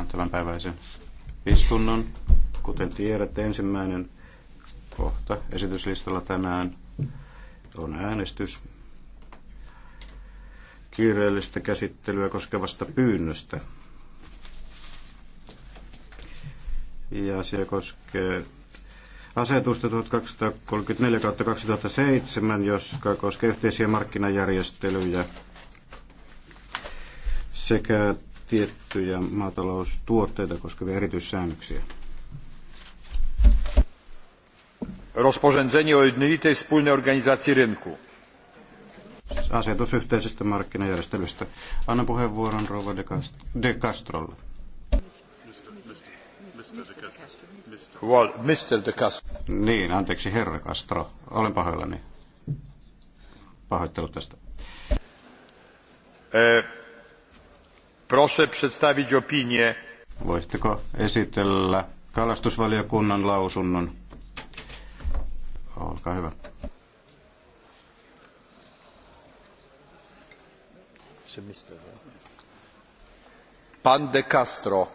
aloitetaan päiväisen istunnon. Kuten tiedätte, ensimmäinen kohta esityslistalla tänään on äänestys kiireellistä käsittelyä koskevasta pyynnöstä. Ja asia koskee asetusta 1234-2007, joka koskee yhteisiä markkinajärjestelyjä sekä tiettyjä maataloustuotteita koskevia erityissäännöksiä. Rozporządzenie o jednolitej wspólnej organizacji rynku. Asetus yhteisestä markkinajärjestelystä. Anna puheenvuoron Rova de, Cast- de Castrolle. Well, Mr. De Castro. Niin, anteeksi, herra Castro. Olen pahoillani. Pahoittelut tästä. Eh. Proszę przedstawić opinię. Voisitteko esitellä kalastusvaliokunnan lausunnon? Olkaa hyvä. Pan de Castro.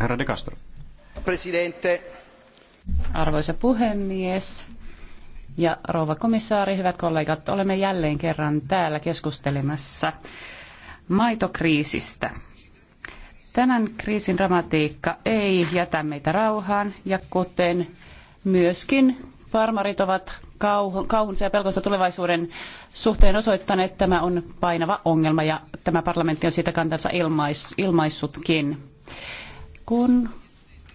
Herra de Castro. Presidente. Arvoisa puhemies, ja rouva komissaari, hyvät kollegat, olemme jälleen kerran täällä keskustelemassa maitokriisistä. Tämän kriisin dramatiikka ei jätä meitä rauhaan ja kuten myöskin farmarit ovat kauhunsa ja pelkonsa tulevaisuuden suhteen osoittaneet, tämä on painava ongelma ja tämä parlamentti on siitä kantansa ilmaissutkin. Kun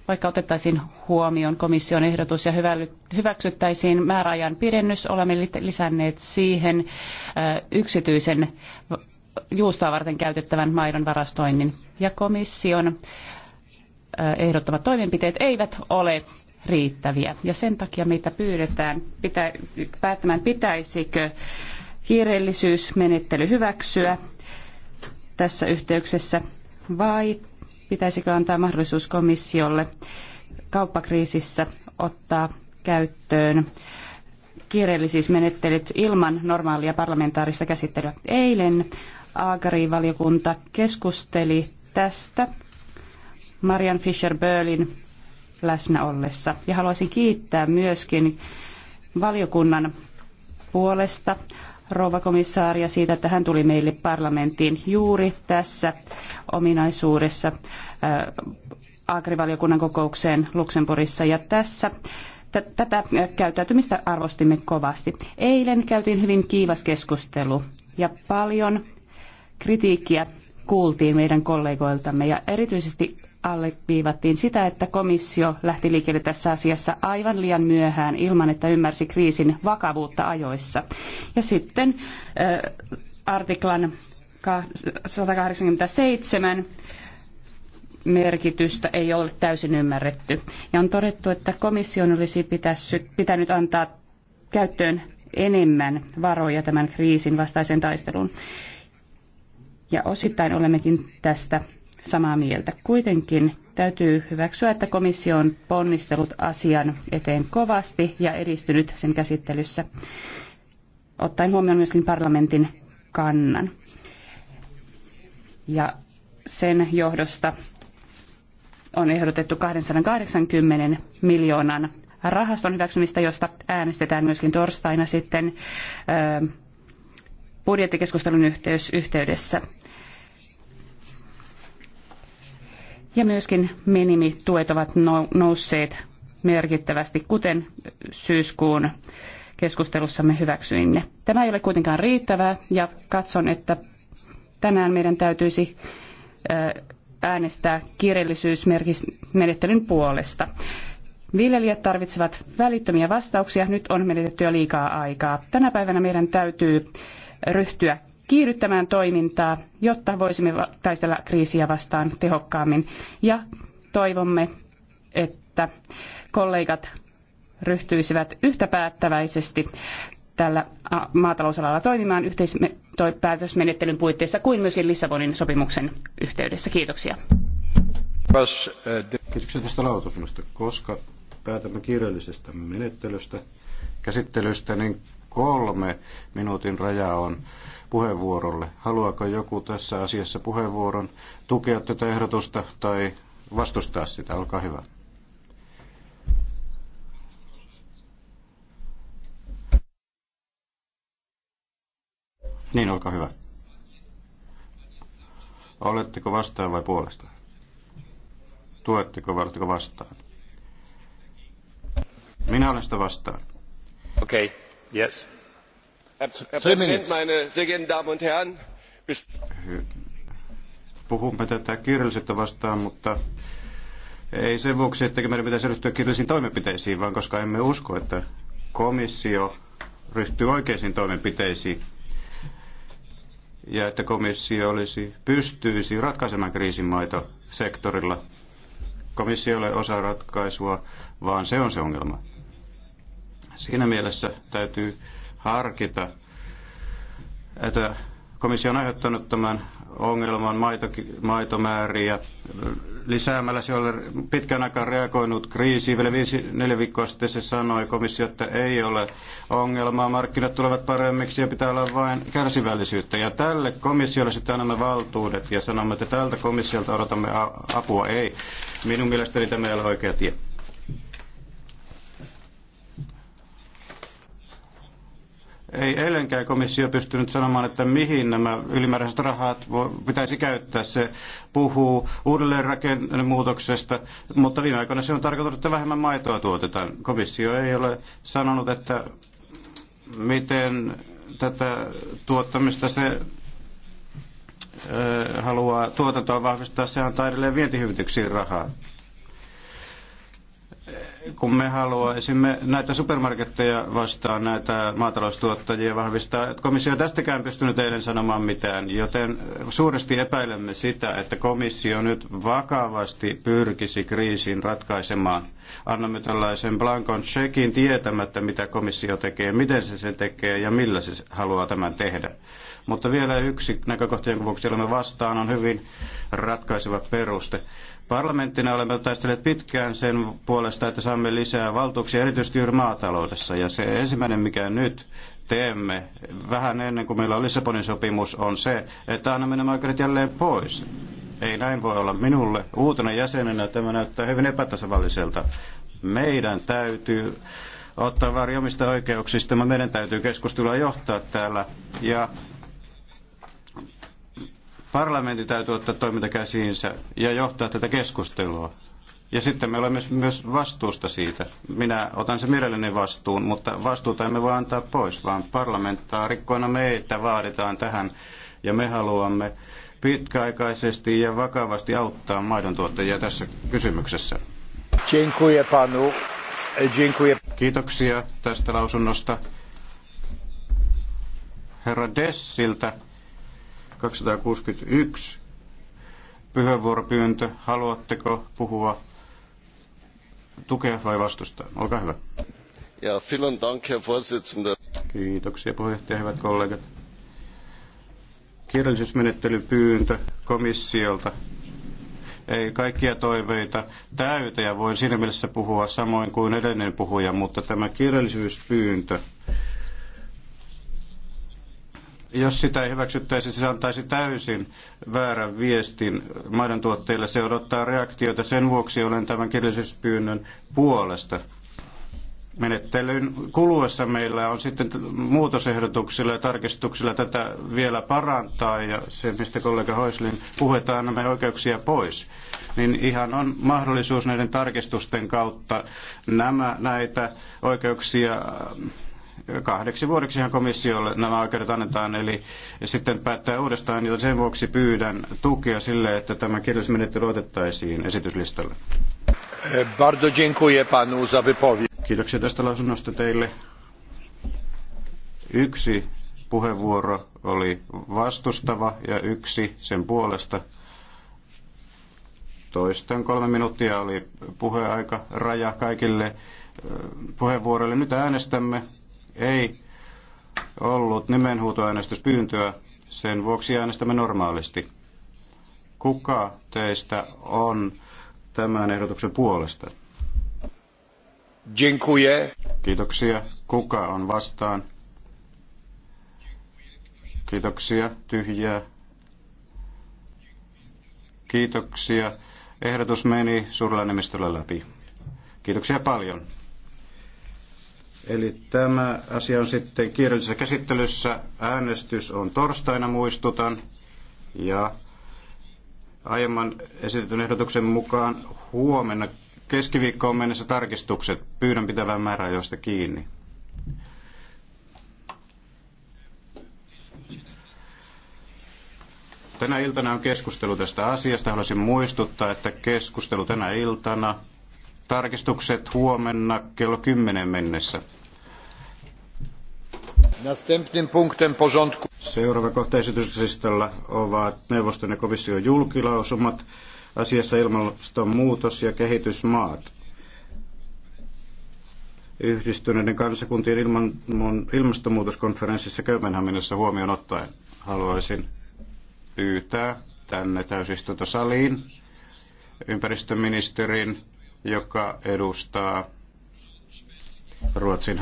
vaikka otettaisiin huomioon komission ehdotus ja hyväksyttäisiin määräajan pidennys, olemme lisänneet siihen yksityisen juustoa varten käytettävän maidon varastoinnin. Ja komission ehdottamat toimenpiteet eivät ole riittäviä. Ja sen takia meitä pyydetään pitä, päättämään, pitäisikö kiireellisyysmenettely hyväksyä tässä yhteyksessä vai pitäisikö antaa mahdollisuus komissiolle kauppakriisissä ottaa käyttöön kiireellisyysmenettelyt ilman normaalia parlamentaarista käsittelyä. Eilen Agri-valiokunta keskusteli tästä Marian fischer börlin läsnä ollessa. Ja haluaisin kiittää myöskin valiokunnan puolesta rouva komissaaria siitä, että hän tuli meille parlamenttiin juuri tässä ominaisuudessa äh, agrivaliokunnan kokoukseen Luxemburgissa ja tässä Tätä käyttäytymistä arvostimme kovasti. Eilen käytiin hyvin kiivas keskustelu ja paljon kritiikkiä kuultiin meidän kollegoiltamme ja erityisesti alleviivattiin sitä, että komissio lähti liikkeelle tässä asiassa aivan liian myöhään ilman, että ymmärsi kriisin vakavuutta ajoissa. Ja sitten äh, artiklan 187 merkitystä ei ole täysin ymmärretty. Ja on todettu, että komission olisi pitänyt antaa käyttöön enemmän varoja tämän kriisin vastaiseen taisteluun. Ja osittain olemmekin tästä samaa mieltä. Kuitenkin täytyy hyväksyä, että komissio on ponnistellut asian eteen kovasti ja edistynyt sen käsittelyssä, ottaen huomioon myöskin parlamentin kannan. Ja sen johdosta on ehdotettu 280 miljoonan rahaston hyväksymistä, josta äänestetään myöskin torstaina sitten budjettikeskustelun yhteys, yhteydessä. ja myöskin minimituet ovat no, nousseet merkittävästi, kuten syyskuun keskustelussamme hyväksyimme. Tämä ei ole kuitenkaan riittävää ja katson, että tänään meidän täytyisi äänestää kirjallisuusmenettelyn puolesta. Viljelijät tarvitsevat välittömiä vastauksia. Nyt on menetetty jo liikaa aikaa. Tänä päivänä meidän täytyy ryhtyä kiihdyttämään toimintaa, jotta voisimme taistella kriisiä vastaan tehokkaammin. Ja toivomme, että kollegat ryhtyisivät yhtä päättäväisesti tällä maatalousalalla toimimaan yhteispäätösmenettelyn puitteissa kuin myöskin Lissabonin sopimuksen yhteydessä. Kiitoksia. Kiitoksia tästä lausunnosta. Koska päätämme kirjallisesta menettelystä, käsittelystä, niin kolme minuutin raja on puheenvuorolle. Haluaako joku tässä asiassa puheenvuoron tukea tätä ehdotusta tai vastustaa sitä? Olkaa hyvä. Niin, olkaa hyvä. Oletteko vastaan vai puolesta? Tuetteko vai oletteko vastaan? Minä olen sitä vastaan. Okei. Okay herr präsident meine sehr geehrten Damen und Herren! Puhumme tätä kiireellisyyttä vastaan, mutta ei sen vuoksi, että meidän pitäisi ryhtyä kiireellisiin toimenpiteisiin, vaan koska emme usko, että komissio ryhtyy oikeisiin toimenpiteisiin ja että komissio olisi, pystyisi ratkaisemaan kriisin maitosektorilla. Komissio ei ole osa ratkaisua, vaan se on se ongelma. Siinä mielessä täytyy harkita, että komissio on aiheuttanut tämän ongelman maito, maitomääriä lisäämällä. Se on pitkän aikaa reagoinut kriisiin. Vielä viisi, neljä viikkoa sitten se sanoi komissio, että ei ole ongelmaa. Markkinat tulevat paremmiksi ja pitää olla vain kärsivällisyyttä. Ja tälle komissiolle sitten annamme valtuudet ja sanomme, että tältä komissiolta odotamme apua. Ei. Minun mielestäni tämä ei ole oikea tie. Ei eilenkään komissio pystynyt sanomaan, että mihin nämä ylimääräiset rahat pitäisi käyttää. Se puhuu uudelleenrakennemuutoksesta, mutta viime aikoina se on tarkoitus, että vähemmän maitoa tuotetaan. Komissio ei ole sanonut, että miten tätä tuottamista se haluaa tuotantoa vahvistaa, se antaa edelleen vientihyvityksiin rahaa kun me haluaisimme näitä supermarketteja vastaan, näitä maataloustuottajia vahvistaa. Komissio tästäkään pystynyt eilen sanomaan mitään, joten suuresti epäilemme sitä, että komissio nyt vakavasti pyrkisi kriisin ratkaisemaan. Annamme tällaisen blankon checkin tietämättä, mitä komissio tekee, miten se se tekee ja millä se haluaa tämän tehdä. Mutta vielä yksi näkökohta, jonka vuoksi olemme vastaan, on hyvin ratkaiseva peruste. Parlamenttina olemme taistelleet pitkään sen puolesta, että saamme lisää valtuuksia erityisesti juuri maataloudessa. Ja se ensimmäinen, mikä nyt teemme vähän ennen kuin meillä on Lissabonin sopimus, on se, että annamme nämä oikeudet jälleen pois. Ei näin voi olla minulle. Uutena jäsenenä tämä näyttää hyvin epätasavalliselta. Meidän täytyy ottaa varjomista oikeuksista. Meidän täytyy keskustella johtaa täällä ja Parlamentti täytyy ottaa toiminta käsiinsä ja johtaa tätä keskustelua. Ja sitten me olemme myös vastuusta siitä. Minä otan sen mielelläni vastuun, mutta vastuuta emme voi antaa pois, vaan parlamentaarikkoina meitä vaaditaan tähän ja me haluamme pitkäaikaisesti ja vakavasti auttaa tuottajia tässä kysymyksessä. Dziękuję panu. Dziękuję. Kiitoksia tästä lausunnosta. Herra Dessiltä 261 Pyhävuoropyyntö. Haluatteko puhua tukea vai vastustaa? Olkaa hyvä. Ja, vielen dank, Herr Vorsitzender. Kiitoksia puheenjohtaja, hyvät kollegat. Kirjallisuusmenettelypyyntö komissiolta ei kaikkia toiveita täytä ja voin siinä mielessä puhua samoin kuin edellinen puhuja, mutta tämä kirjallisuuspyyntö jos sitä ei hyväksyttäisi, se antaisi täysin väärän viestin maidon tuotteille. Se odottaa reaktiota Sen vuoksi olen tämän kirjallisuuspyynnön puolesta. Menettelyn kuluessa meillä on sitten muutosehdotuksilla ja tarkistuksilla tätä vielä parantaa ja se, mistä kollega Hoislin puhutaan, nämä oikeuksia pois. Niin ihan on mahdollisuus näiden tarkistusten kautta nämä, näitä oikeuksia kahdeksi vuodeksihan komissiolle nämä oikeudet annetaan, eli sitten päättää uudestaan, joten sen vuoksi pyydän tukea sille, että tämä kirjallismenettely otettaisiin esityslistalle. Bardzo dziękuję panu za wypowiedź. Kiitoksia tästä lausunnosta teille. Yksi puheenvuoro oli vastustava ja yksi sen puolesta. Toisten kolme minuuttia oli puheaika raja kaikille puheenvuoroille. Nyt äänestämme ei ollut nimenhuutoäänestyspyyntöä, sen vuoksi äänestämme normaalisti. Kuka teistä on tämän ehdotuksen puolesta? Dziękuję. Kiitoksia. Kuka on vastaan? Kiitoksia. Tyhjää. Kiitoksia. Ehdotus meni suurella läpi. Kiitoksia paljon. Eli tämä asia on sitten kiireellisessä käsittelyssä. Äänestys on torstaina, muistutan. Ja aiemman esitetyn ehdotuksen mukaan huomenna keskiviikkoon mennessä tarkistukset. Pyydän pitävän joista kiinni. Tänä iltana on keskustelu tästä asiasta. Haluaisin muistuttaa, että keskustelu tänä iltana Tarkistukset huomenna kello 10 mennessä. Seuraava kohta esityslistalla ovat neuvoston ja komission julkilausumat asiassa ilmastonmuutos ja kehitysmaat. Yhdistyneiden kansakuntien ilman, ilmastonmuutoskonferenssissa Kööpenhaminassa huomioon ottaen haluaisin pyytää tänne täysistuntosaliin ympäristöministerin joka edustaa Ruotsin